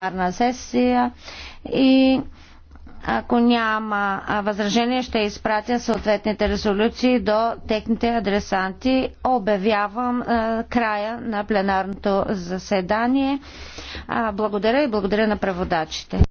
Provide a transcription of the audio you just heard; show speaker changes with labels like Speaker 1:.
Speaker 1: пленарна сесия и ако няма възражение, ще изпратя съответните резолюции до техните адресанти. Обявявам края на пленарното заседание. благодаря и
Speaker 2: благодаря на преводачите.